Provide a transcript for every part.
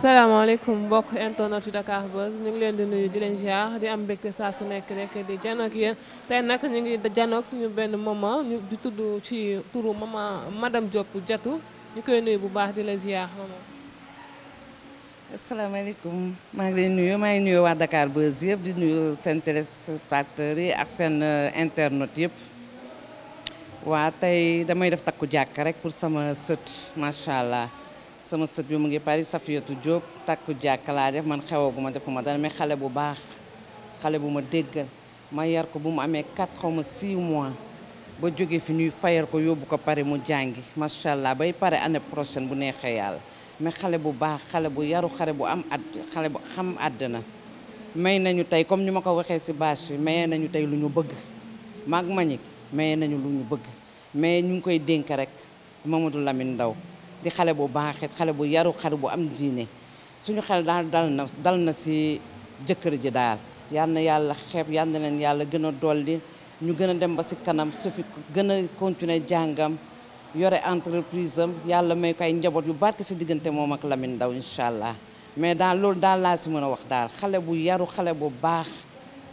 salaamaaleykum mbokk internet yu Dakar Buzz ñu ngi leen di nuyu di leen ziar di am saa su nekk rek di janook yéen nag ñu ngi janook suñu benn maman di tudd ci turu maman madame Diop Diatou ñu koy nuyu bu baax di la ziar maman. maa ngi lay nuyu maa ngi nuyu waa dakaar Buzz yëpp di nuyu seen téléspectateurs yi ak seen euh, internet yëpp. waa tey damay def takku jàkk rek pour sama sët macha allah. sama sët bi mu ngi Paris Safiyatu Diop tàkku jàkka laa def man xewaguma defuma dara mais xale bu baax xale bu ma déggal ma yar ko bu mu amee 4 xaw ma 6 mois ba jóge fi ñuy fayal ko yóbbu ko pare mu jàngi macha allah bay pare année prochaine bu neexee yàlla mais xale bu baax xale bu yaru xale bu am at xale bu xam àddina may nañu tey comme ni ma ko waxee si bâche bi maye nañu tey lu ñu bëgg maag mañik maye nañu lu ñu bëgg mais ñu ngi koy dénk rek Mamadou Lamine Ndaw di xale bu baaxit xale bu yaru xale bu am diine suñu xel daal dal na dal na si jëkkër ji daal yal na yàlla xeeb yal na leen yàlla gën a dolli ñu gën a dem ba si kanam su fi gën a continuer jàngam yore entreprise am yàlla may ko njaboot yu barke si diggante moom ak Lamine Ndaw incha allah mais daal loolu daal laa si mën a wax daal xale bu yaru xale bu baax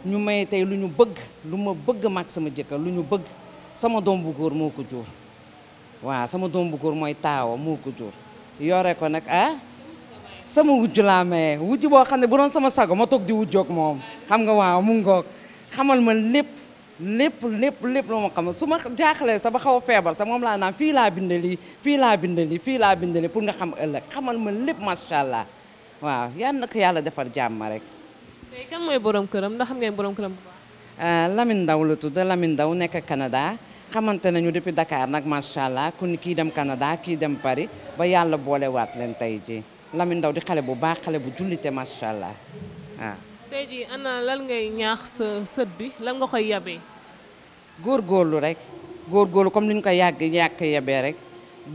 ñu may tey lu ñu bëgg lu ma bëgg mag sama jëkkër lu ñu bëgg sama doom bu góor moo ko jur waaw sama doom bu góor mooy taawa moo ko jur yore ko nag ah sama wujj laa maye wujj boo xam ne bu doon sama sago ma toog di wujjoog moom xam nga waaw mu ngoog xamal ma lépp lépp lépp lépp lu ma xamal su ma jaaxlee sa ba xaw a feebar sa moom laa naan fii laa bindali fii fii laa bindali pour nga xam ëllëg xamal ma lépp macha allah waaw yan nag yàlla defar jàmm rek. tey kan mooy borom këram ndax xam ngeen borom këram. Ah, Lamine Ndaw la tudd Ndaw nekk Canada. xamante nañu depuis dakaar nag macha allah ku kii dem Canada kii dem Paris ba yàlla boolewaat leen tey ji Lamine Ndaw di xale bu baax xale bu jullite macha allah waaw. tey jii ana lan ngay ñaax sa sët bi lan nga koy yabee. góorlu rek góor góorgóorlu comme ni ñu ko yàgg yàgg yabee rek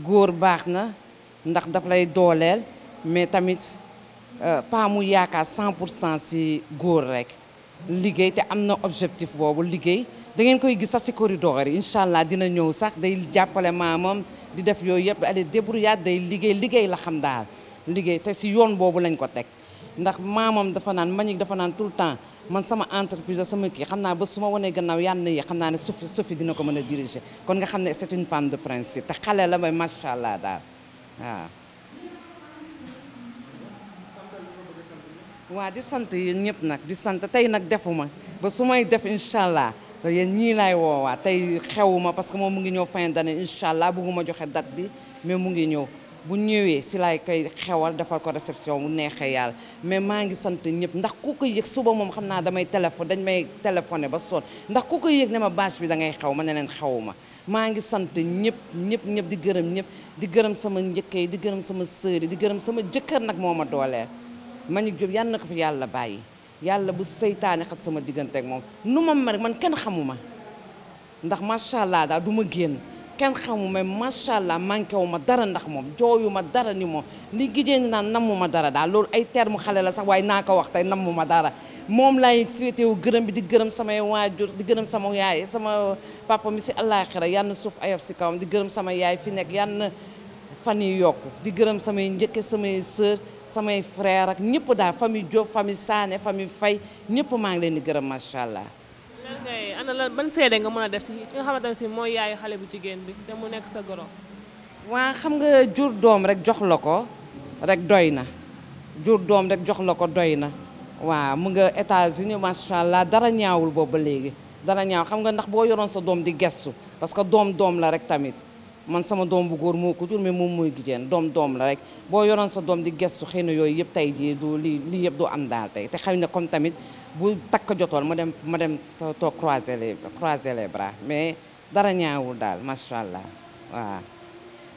góor baax na ndax daf lay dooleel mais tamit euh, pas mu yaakaar 100 pour cent si góor rek. liggéey te am na objectif boobu liggéey da ngeen koy gis sax si corridor yi incha allah dina ñëw sax day jàppale maamam di def yooyu yëpp allez débrouillade day liggéey liggéey la xam daal liggéey te si yoon boobu lañ ko teg ndax maamam dafa naan mañik dafa naan tout le temps man sama entreprise sama kii xam naa ba su ma wanee gannaaw yànn yi xam naa ne sufi sufi dina ko mën a diriger kon nga xam ne c'est une femme de principe te xale la may macha allah daal waaw waa di sant yéen ñëpp nag di sant tey nag defuma ba su may def incha allah yéen ñii laay woowaat tey xewuma parce que moom mu ngi ñëw fin d'année incha allah bugguma joxe dat bi mais mu ngi ñëw bu ñëwee si laay koy xewal defal ko réception bu neexee yàlla mais maa ngi sant ñëpp ndax ku suba moom xam naa damay téléphone dañ may téléphoné ba sonn ndax ku ko yëg ma bâche bi da ngay xew ma ne leen xewuma maa ngi sant ñëpp ñëpp ñëpp di gërëm ñëpp di gërëm sama njëkkee di gërëm sama sœur di gërëm sama jëkkër nag moo ma dooleel man Diop yàlla na ko fi yàlla bàyyi yàlla bu seytaane xas sama diggante ak moom nu ma mel man kenn xamuma ndax macha allah daal du génn kenn xamuma macha allah manqué wu ma dara ndax moom jooyu ma dara ni moom li gijéen naan nammu ma dara daal loolu ay terme xale la sax waaye naa ko wax tey nammu ma dara moom lay souhaité wu gërëm bi di gërëm samay waajur di gërëm sama yaay sama papa mi si àllaaxira yal na suuf ayof si kawam di gërëm sama yaay fi nekk yal fan yi yokk di gërëm samay njëkke samay sœur samay frère ak ñëpp daal famille Diop famille saane famille fay ñëpp maa ngi leen di gërëm macha allah. lan ngay ana nga mën a def ci ki nga xamante mooy yaayu xale bu jigéen bi te nekk sa goro. waa xam nga jur doom rek jox la ko rek doy na jur doom rek jox la ko doy na waaw mu nga États-Unis macha allah dara ñaawul boobu ba léegi dara ñaaw xam nga ndax boo yoroon sa doom di gestu parce que doom doom la rek tamit. man sama doom bu góor moo ko jur mais moom mooy gijeen doom doom la rek boo yoron sa doom di gestu xëy na yooyu yëpp tey jii du lii lii yëpp du am daal tey te xëy na comme tamit bu takk jotoon ma dem ma dem toog croiser les croiser les bras mais dara ñaawul daal macha allah waaw